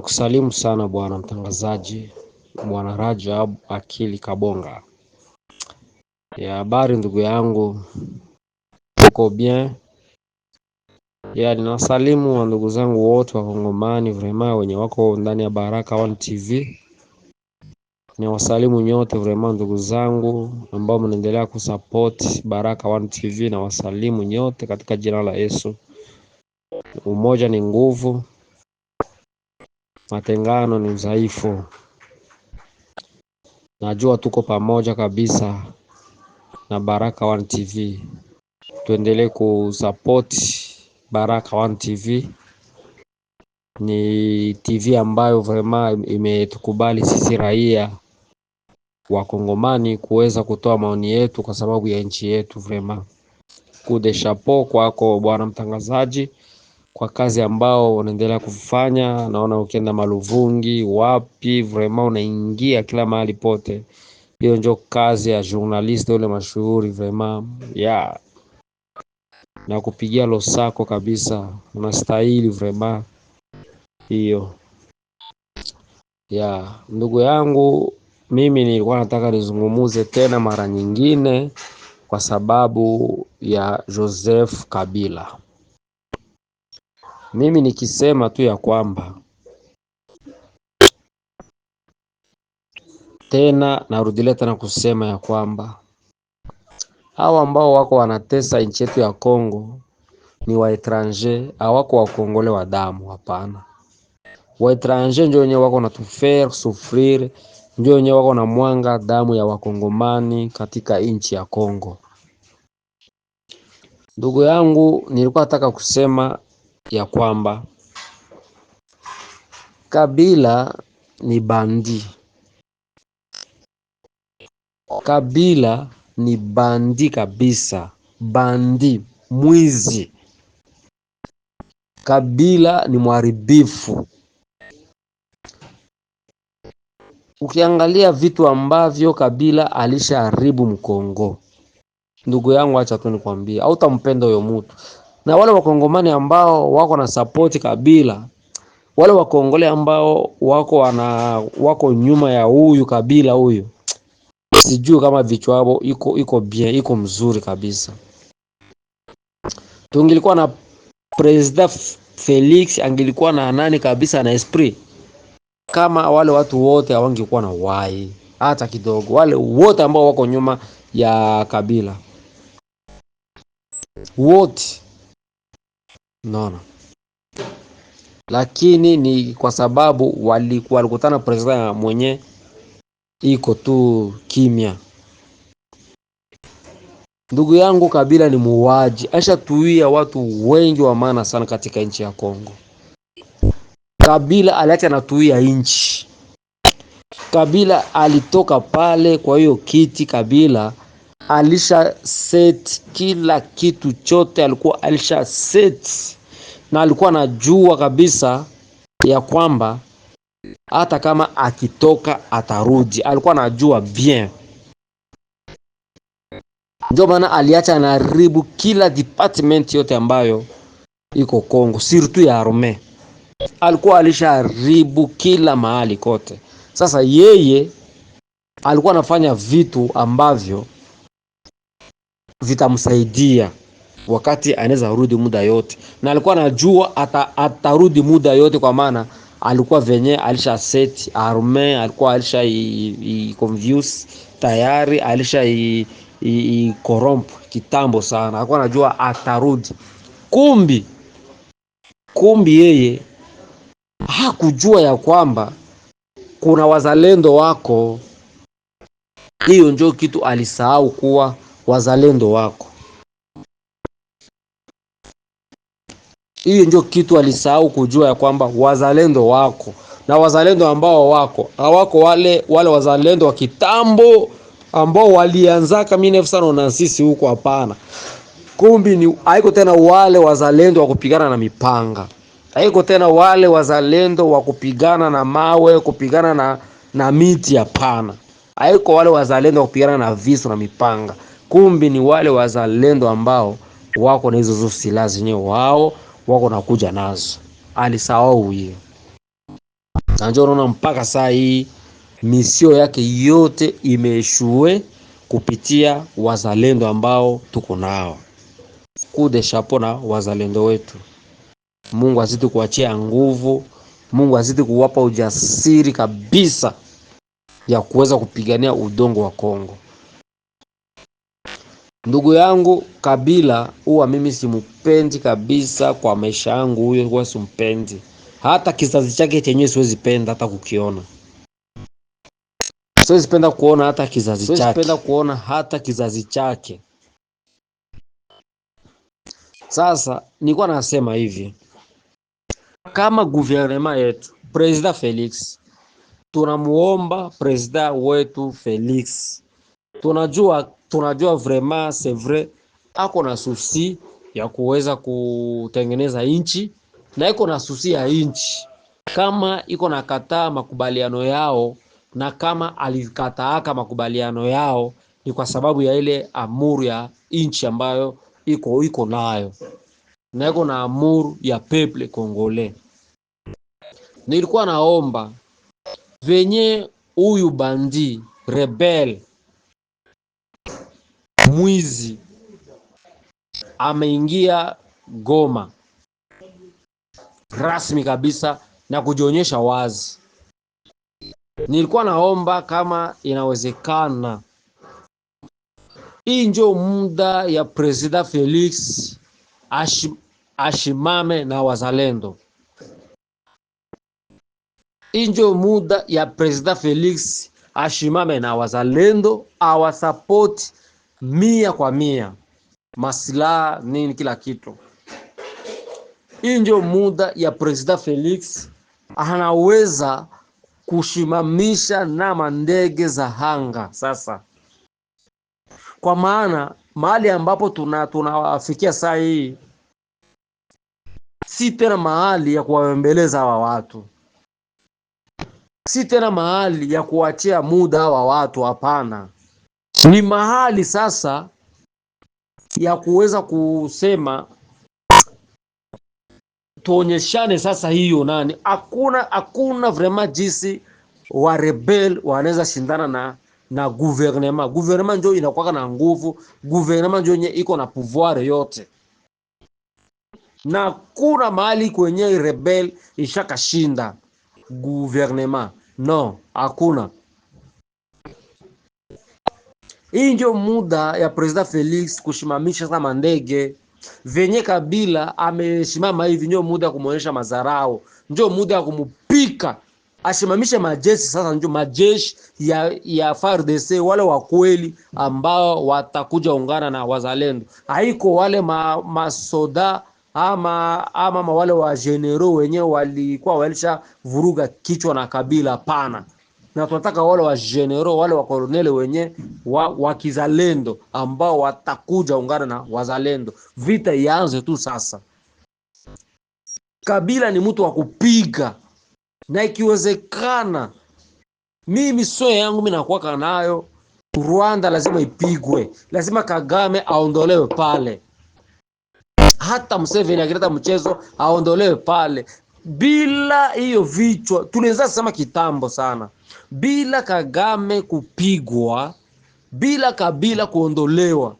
Nakusalimu sana bwana mtangazaji, bwana Rajab Akili Kabonga. Ya habari ndugu yangu, uko bien? Ya ninasalimu wa ndugu zangu wote wa Kongomani vrema wenye wako ndani ya Baraka One TV. Ninawasalimu nyote vrema ndugu zangu ambao mnaendelea kusupport Baraka One TV na wasalimu nyote katika jina la Yesu. Umoja ni nguvu. Matengano ni udhaifu. Najua tuko pamoja kabisa na Baraka One TV. Tuendelee kusupport Baraka One TV, ni TV ambayo vraiment imetukubali sisi raia wakongomani kuweza kutoa maoni yetu kwa sababu ya nchi yetu. Vraiment kude de kwako bwana mtangazaji kwa kazi ambao unaendelea kufanya. Naona ukienda Maluvungi, wapi vraiment unaingia kila mahali pote. Hiyo ndio kazi ya journaliste ule mashuhuri vraiment yeah. Na kupigia losako kabisa, unastahili vraiment hiyo yeah. Ndugu yangu, mimi nilikuwa nataka nizungumuze tena mara nyingine kwa sababu ya Joseph Kabila. Mimi nikisema tu ya kwamba tena narudilia tena kusema ya kwamba hawa ambao wako wanatesa nchi yetu ya Kongo ni waetranger, hawako wakongole wa damu. Hapana, waetranger ndio wenyewe wako natufaire souffrir, ndio wenyewe wako na mwanga damu ya wakongomani katika nchi ya Kongo. Ndugu yangu, nilikuwa nataka kusema ya kwamba Kabila ni bandi, Kabila ni bandi kabisa, bandi mwizi. Kabila ni mharibifu. Ukiangalia vitu ambavyo Kabila alishaharibu Mkongo, ndugu yangu, acha tu nikwambie, hautampenda huyo mtu na wale wakongomani ambao wako na support Kabila, wale wakongole ambao wako wana wako nyuma ya huyu Kabila huyu, sijui kama vichwa hapo iko iko bien, iko mzuri kabisa. Tungilikuwa na President Felix angilikuwa na nani kabisa na esprit kama wale watu wote hawangekuwa na wai hata kidogo, wale wote ambao wako nyuma ya Kabila wote Unaona, lakini ni kwa sababu walikuwa walikutana presida mwenye iko tu kimya. Ndugu yangu, Kabila ni muuaji, ashatuia watu wengi wa maana sana katika nchi ya Kongo. Kabila aliacha natuia nchi. Kabila alitoka pale, kwa hiyo kiti Kabila alisha set kila kitu chote, alikuwa alisha set na alikuwa anajua kabisa ya kwamba hata kama akitoka atarudi, alikuwa anajua bien. Ndio maana aliacha ribu kila department yote ambayo iko Kongo, surtout ya arme. Alikuwa alisha ribu kila mahali kote. Sasa yeye alikuwa anafanya vitu ambavyo vitamsaidia wakati anaweza rudi muda yote, na alikuwa anajua ata, atarudi muda yote, kwa maana alikuwa venye alisha set arme, alikuwa alisha i confuse tayari, alisha i corromp kitambo sana, alikuwa anajua atarudi. Kumbi kumbi yeye hakujua ya kwamba kuna wazalendo wako. Hiyo ndio kitu alisahau kuwa wazalendo wako. Hiyo ndio kitu alisahau kujua ya kwamba wazalendo wako na wazalendo ambao wako hawako wale wale wazalendo wa kitambo ambao walianzaka na sisi huko, hapana. Kumbi ni haiko tena wale wazalendo wa kupigana na mipanga, haiko tena wale wazalendo wa kupigana na mawe, kupigana na, na miti, hapana. Haiko wale wazalendo wa kupigana na visu na mipanga kumbi ni wale wazalendo ambao wako na hizo silaha zenye wao wako nakuja nazo. Alisahau hiyo na unaona mpaka saa hii misio yake yote imeshue kupitia wazalendo ambao tuko nao kude shapo na wazalendo wetu. Mungu azidi kuachia nguvu, Mungu azidi kuwapa ujasiri kabisa ya kuweza kupigania udongo wa Kongo. Ndugu yangu Kabila huwa mimi simpendi kabisa kwa maisha yangu, huyo huwa simpendi hata kizazi chake chenyewe, siwezi penda hata kukiona, siwezi penda kuona hata kizazi chake, siwezi penda kuona hata kizazi chake. Sasa nilikuwa nasema hivi, kama guvernema yetu presida Felix, tunamuomba presida wetu Felix tunajua tunajua vraiment c'est vrai ako na susi ya kuweza kutengeneza inchi na iko na susi ya inchi, kama iko na kataa makubaliano yao, na kama alikataaka makubaliano yao ni kwa sababu ya ile amuru ya inchi ambayo iko iko nayo na iko na amuru ya peple Kongole. Nilikuwa naomba venye huyu bandi rebel mwizi ameingia Goma rasmi kabisa na kujionyesha wazi. Nilikuwa naomba kama inawezekana, hii njo muda ya President Felix ashimame na wazalendo. Hii njo muda ya President Felix ashimame na wazalendo, awasapoti mia kwa mia, masilaha nini, kila kitu. Hii ndio muda ya Presida Felix anaweza kushimamisha na mandege za anga sasa, kwa maana mahali ambapo tunawafikia tuna saa hii si tena mahali ya kuwaembeleza hawa watu, si tena mahali ya kuwachia muda hawa watu, hapana. Ni mahali sasa ya kuweza kusema tuonyeshane sasa hiyo nani. Hakuna hakuna vraiment jinsi wa rebel wanaweza shindana na na gouvernement gouvernement ndio inakuwa na nguvu, gouvernement ndio iko na pouvoir yote, na kuna mahali kwenye rebel ishakashinda gouvernement No, hakuna hii ndio muda ya President Felix kushimamisha kama ndege venye Kabila ameshimama hivi, ndio muda ya kumwonyesha madharau, ndio muda ya kumupika ashimamishe majeshi sasa, ndio majeshi ya, ya FARDC wale wa kweli ambao watakuja ungana na wazalendo, haiko wale ma, masoda ama, ama wale wa general wenyewe walikuwa walisha vuruga kichwa na Kabila. pana na tunataka wale wa general wale wa colonel wenye wa, wa kizalendo ambao watakuja ungana na wazalendo, vita ianze tu sasa. Kabila ni mtu wa kupiga, na ikiwezekana, mimi soe yangu mi nakuwaka nayo, Rwanda lazima ipigwe, lazima Kagame aondolewe pale, hata Museveni akileta mchezo aondolewe pale. Bila hiyo vichwa tuliweza sema kitambo sana bila Kagame kupigwa, bila Kabila kuondolewa,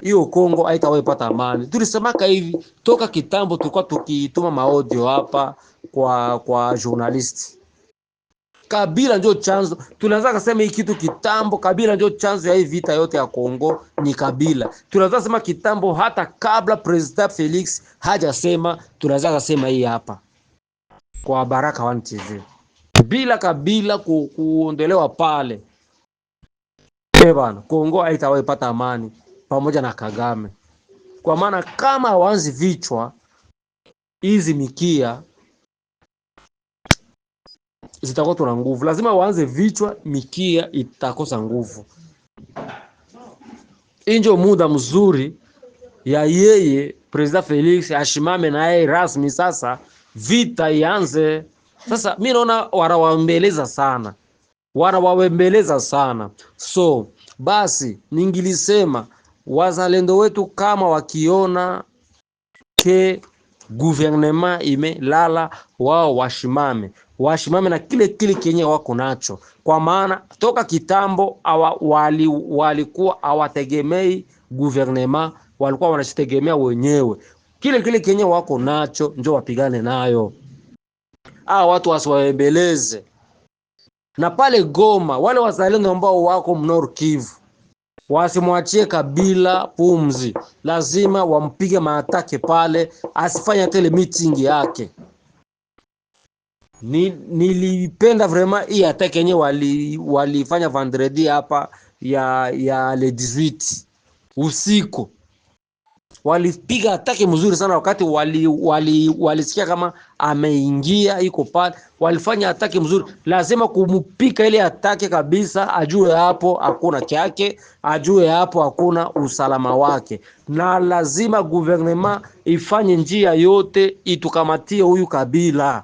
hiyo Kongo haitawepata amani. Tulisemaka hivi toka kitambo, tulikuwa tukituma maaudio hapa kwa kwa journalist. Kabila ndio chanzo, tunaanza kusema hii kitu kitambo. Kabila ndio chanzo ya hii vita yote ya Kongo, ni Kabila. Tunaanza kusema kitambo, hata kabla President Felix hajasema, tunaanza kusema hii hapa kwa Baraka One TV bila kabila ku, kuondolewa pale e bana, Kongo haitawahi pata amani pamoja na Kagame, kwa maana kama hawaanzi vichwa hizi mikia zitakuwa tuna nguvu. Lazima waanze vichwa, mikia itakosa nguvu. Injo muda mzuri ya yeye President Felix ashimame naye rasmi, sasa vita ianze. Sasa mi naona wanawaembeleza sana, wanawawembeleza sana. So basi ningilisema wazalendo wetu kama wakiona ke guvernema imelala, wao washimame, washimame na kile kile kenye wako nacho, kwa maana toka kitambo awa, wali, walikuwa hawategemei guvernema, walikuwa wanashitegemea wenyewe. Kile kile kenye wako nacho njo wapigane nayo hawa watu wasiwaembeleze. Na pale Goma, wale wazalendo ambao wako mnor Kivu wasimwachie Kabila pumzi, lazima wampige maatake pale, asifanye tele meeting yake. Ni, nilipenda vrema hii atake yenye walifanya vendredi hapa ya ya le 18 usiku, walipiga atake mzuri sana wakati walisikia wali, wali kama ameingia iko pale, walifanya atake mzuri, lazima kumupika ile atake kabisa, ajue hapo hakuna chake, ajue hapo hakuna usalama wake, na lazima guvernema ifanye njia yote itukamatie huyu Kabila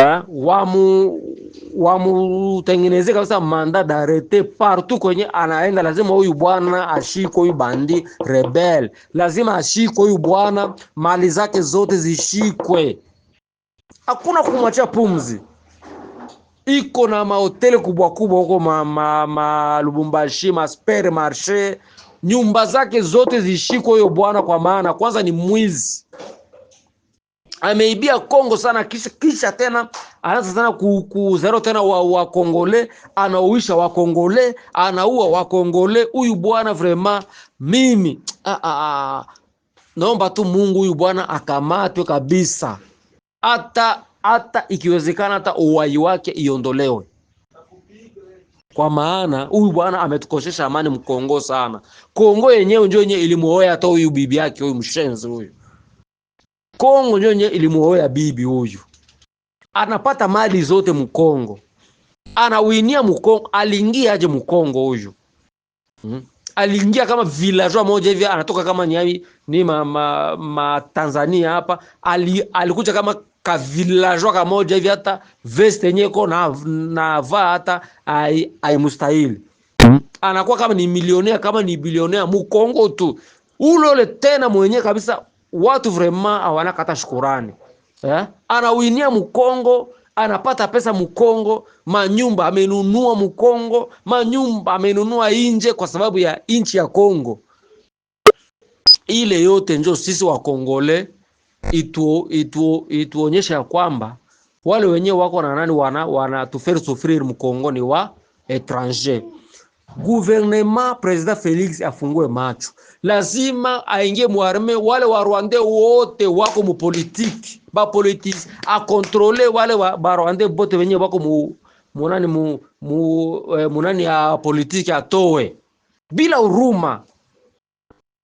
eh, wamutengeneze kabisa manda darete partout kwenye anaenda, lazima huyu bwana ashikwe, huyu bandi rebel lazima ashikwe, huyu bwana mali zake zote zishikwe, hakuna kumwachia pumzi. Iko na mahoteli kubwa kubwa huko ma, ma, ma Lubumbashi, ma super marché, nyumba zake zote zishikwe huyo bwana, kwa maana kwanza ni mwizi ameibia Kongo sana, kisha, kisha tena anaanza sana kuzero tena wa wakongole, anauisha wakongole, anaua wakongole. Huyu bwana vrema mimi ah, ah, ah, naomba tu Mungu huyu bwana akamatwe kabisa, hata hata ikiwezekana hata uwai wake iondolewe, kwa maana huyu bwana ametukosesha amani mkongo sana. Kongo yenyewe ndio yenyewe ilimuoa hata huyu bibi yake huyu mshenzi huyu. Kongo ndio yenye ilimuoa bibi huyu, anapata mali zote Mkongo, anawinia Mkongo. Aliingia aje Mkongo huyu hmm? Aliingia kama villageois moja hivi, anatoka kama ni, yaani, ni ma, ma, ma Tanzania hapa. Ali, alikuja kama ka villageois kamoja hivi, hata vest yenye iko na na vaa hata haimustahili hmm? Anakuwa kama ni milionea kama ni bilionea Mkongo tu ule ule tena mwenye kabisa watu vraiment hawana kata shukurani eh? Anawinia Mkongo, anapata pesa Mkongo, manyumba amenunua Mkongo, manyumba amenunua inje kwa sababu ya inchi ya Kongo. Ile yote njo sisi wa Kongole ituo, ituo, ituonyesha ya kwamba wale wenyewe wako na nani wana wana tuferi Mkongo ni wa étranger guvernema President Felix afungue macho, lazima aingie muarme. Wale wa Rwande wote wako mu politique ba a akontrole wale wa ba Rwande bote wenye wako mu munani mu, mu, eh, munani ya politiki atowe bila huruma.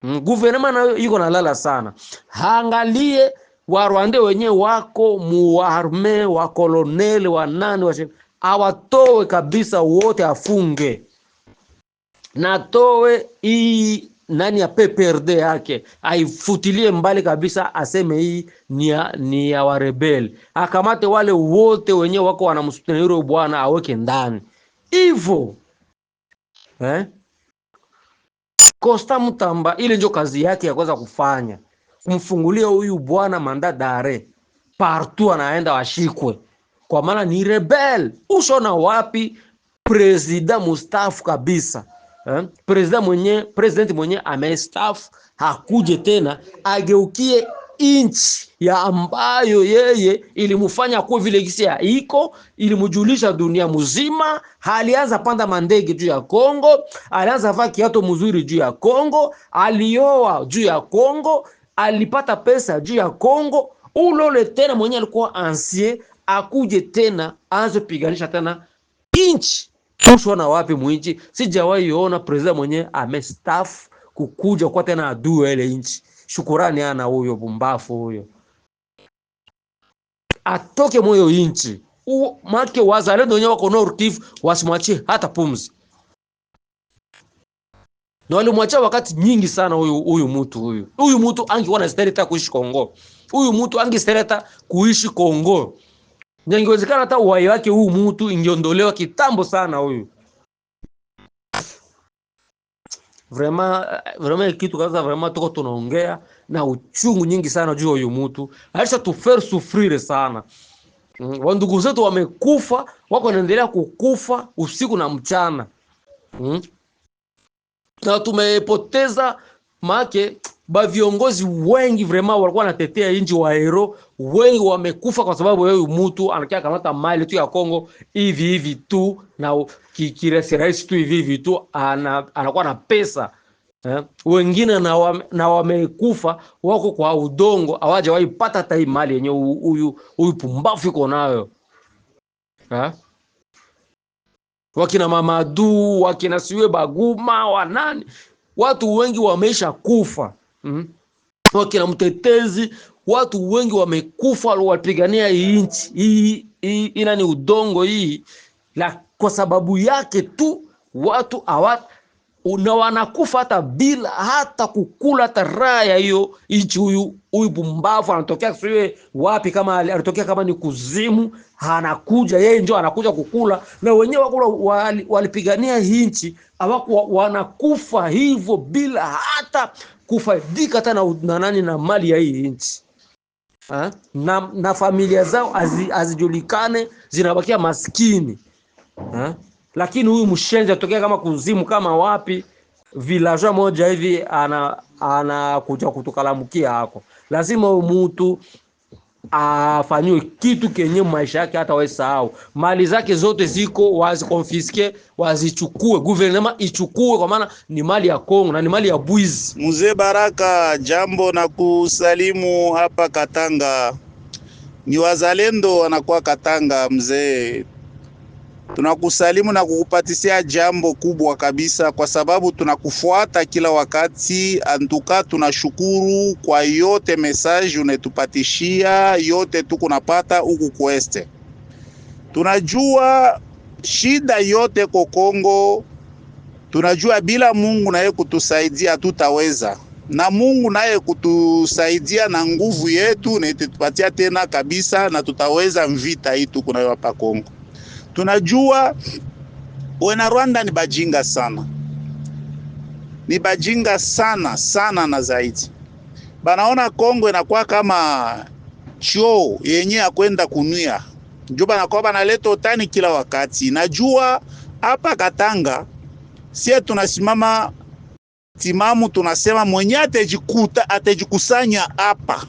Mm, guvernema nayo iko na lala sana, haangalie wa Rwande wenye wako muarme wa kolonel wa nani wa awatowe kabisa wote, afunge na atoe hii nani ya PPRD yake aifutilie mbali kabisa, aseme hii ni ya, ni ya warebeli. Akamate wale wote wenye wako wanamsutania yule bwana aweke ndani hivyo eh? Kosta Mutamba, ile ndio kazi yake ya kwanza kufanya, kumfungulia huyu bwana manda dare partout anaenda washikwe, kwa maana ni rebel. Ushona wapi, presida mustafu kabisa president mwenye, president mwenye amestaafu hakuje tena ageukie inchi ya ambayo yeye ilimufanya kuwa vile gisi ya iko ilimujulisha dunia muzima. Alianza panda mandege juu ya Kongo, alianza vaa kiato mzuri juu ya Kongo, alioa juu ya Kongo, alipata pesa juu ya Kongo. Ulole tena mwenye alikuwa ansie akuje tena aanze piganisha tena inchi Tushwa na wapi mwinchi? Sijawahi ona president mwenye amestafu kukuja kwa tena adui ile inchi. Shukurani ana huyo bumbafu huyo, atoke moyo inchi make. Wazalendo wenyewe wako Nord Kivu, wasimwachie hata pumzi, na walimwachia wakati nyingi sana huyu huyu mtu huyu huyu mtu angekuwa stereta kuishi Kongo, huyu mtu angestahili kuishi Kongo na ingewezekana hata uhai wake huu mutu ingeondolewa kitambo sana. Huyu vraiment eh, vraiment kitu kaza vraiment, tuko tunaongea na uchungu nyingi sana juu huyu mutu aisha tufer sufrire sana. Mm, wandugu zetu wamekufa, wako wanaendelea kukufa usiku na mchana. Mm, na tumepoteza make ba viongozi wengi vraiment walikuwa wanatetea inji wa hero, wengi wamekufa kwa sababu ya yeye mtu anakia kamata mali tu ya Kongo hivi hivi tu na kirahisi rahisi tu hivi hivi tu, anakuwa na pesa eh. Wengine na, wa, na wamekufa wako kwa udongo, hawajawahi pata hata hii mali yenye huyu huyu pumbafu iko nayo eh? Wakina Mamadu wakina siwe Baguma wanani, watu wengi wameisha kufa mm, wakina mtetezi, watu wengi wamekufa walipigania hii nchi hii, hii ina ni udongo hii, la kwa sababu yake tu watu awat na wanakufa hata bila hata kukula hata raha ya hiyo nchi. Huyu huyu bumbavu anatokea siwe wapi, kama alitokea kama ni kuzimu, anakuja yeye ndio anakuja kukula, na wenyewe wako walipigania wali hii nchi, hawako wanakufa hivyo bila hata kufaidika hata na nani na mali ya hii nchi na, na familia zao hazijulikane zinabakia maskini ha? Lakini huyu mshenzi atokea kama kuzimu kama wapi vilaja moja hivi anakuja ana kutukalamukia hako, lazima huyu mutu afanyiwe kitu kenye maisha yake hata wesahau Mali zake zote ziko wazikonfiske, wazichukue, guvernema ichukue, kwa maana ni mali ya Kongo na ni mali ya bwizi. Mzee Baraka, jambo na kusalimu hapa Katanga. Ni wazalendo wanakuwa Katanga mzee Tunakusalimu na kukupatisia jambo kubwa kabisa, kwa sababu tunakufuata kila wakati. Antuka tunashukuru kwa yote message unetupatishia yote, tukunapata huku kweste. Tunajua shida yote ko Kongo, tunajua bila Mungu naye kutusaidia tutaweza na Mungu naye kutusaidia na nguvu yetu na itetupatia tena kabisa, na tutaweza mvita hii nayo hapa Kongo. Tunajua wana Rwanda ni bajinga sana, ni bajinga sana sana, na zaidi banaona Kongo inakuwa kama choo yenye akwenda kunuia, njo banakuwa banaleta utani kila wakati. Najua hapa Katanga sie tunasimama timamu, tunasema mwenye atejikuta atejikusanya hapa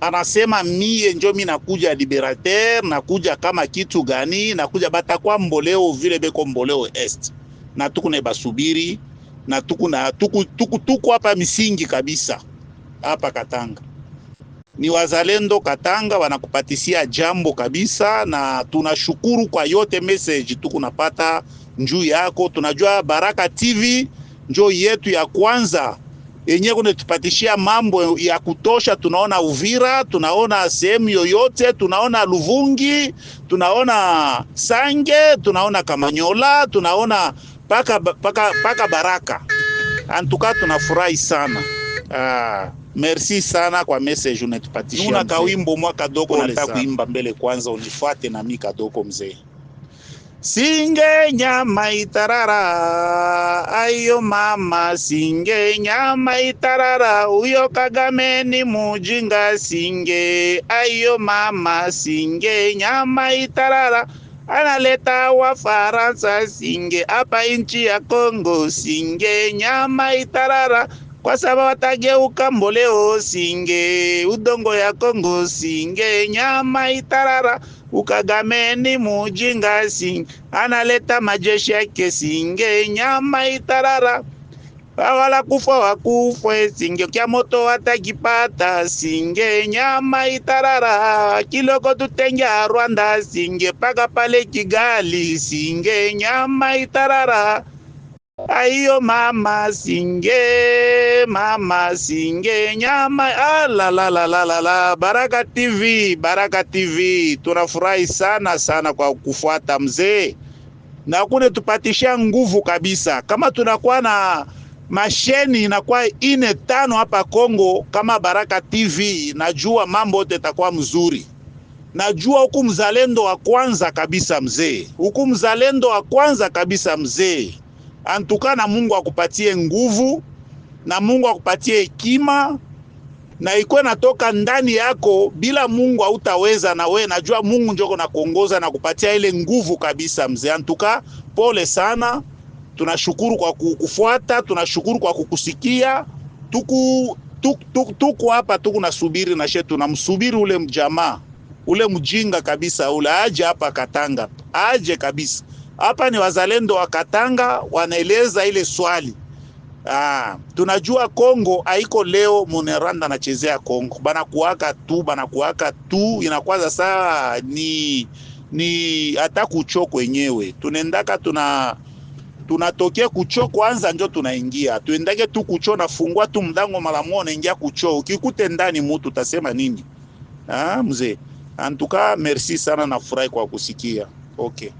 anasema mie njo mi nakuja Liberateur, nakuja kama kitu gani? Nakuja batakwa mboleo vile beko mboleo est na tuku na basubiri na tuku na tuku tuku tuku hapa misingi kabisa hapa Katanga ni wazalendo Katanga wanakupatisia jambo kabisa, na tunashukuru kwa yote message tukunapata njuu yako. Tunajua Baraka TV njoo yetu ya kwanza yenyewe kunatupatishia mambo ya kutosha. Tunaona Uvira, tunaona sehemu yoyote, tunaona Luvungi, tunaona Sange, tunaona Kamanyola, tunaona paka, paka, paka Baraka. Antuka tunafurahi sana ah. Merci sana kwa message unatupatishia. Una kawimbo mwa kadogo, nataka kuimba mbele kwanza, unifuate na mimi kadogo mzee. Singe nyama itarara, ayo mama, singe nyama itarara, uyo Kagame ni mujinga, singe ayo mama, singe nyama itarara, analeta wa Faransa, singe hapa nchi ya Kongo, singe nyama itarara, kwa sababu watageuka mboleo, singe udongo ya Kongo, singe nyama itarara ukagameni ni mujinga si analeta majeshi yake singe nyama itarara wala kufa wakufwe singe kya moto atakipata singe nyama itarara kiloko tutenga Rwanda singe paka pale Kigali singe nyama itarara Aiyo mama singe, mama singe nyama. Ah, la, la, la, la, la, la. Baraka TV, Baraka TV, tunafurahi sana sana kwa kufuata mzee na tupatishia nguvu kabisa. Kama tunakuwa na masheni inakuwa ine tano hapa Kongo kama Baraka TV, najua mambo yote itakuwa mzuri. Najua huku mzalendo wa kwanza kabisa mzee, huku mzalendo wa kwanza kabisa mzee. Antuka na Mungu akupatie nguvu na Mungu akupatie hekima na ikuwe natoka ndani yako. Bila Mungu hautaweza, na we najua Mungu njoko na kuongoza na kupatia ile nguvu kabisa. Mzee Antuka, pole sana, tunashukuru kwa kukufuata, tunashukuru kwa kukusikia. Tuku tuko tuku, tuku hapa tuku nasubiri na shetu tunamsubiri ule mjamaa ule mjinga kabisa ule aje hapa Katanga, aje kabisa. Hapa ni wazalendo wa Katanga wanaeleza ile swali. Ah, tunajua Kongo haiko leo Muneranda anachezea Kongo. Bana kuaka tu, bana kuaka tu inakwaza saa ni ni hata kucho kwenyewe. Tunaendaka tuna tunatokea kucho kwanza njo tunaingia. Tuendake tu kucho na fungua tu mdango mara moja unaingia kucho. Ukikute ndani mtu utasema nini? Ah, mzee. Antuka merci sana na nafurahi kwa kusikia. Okay.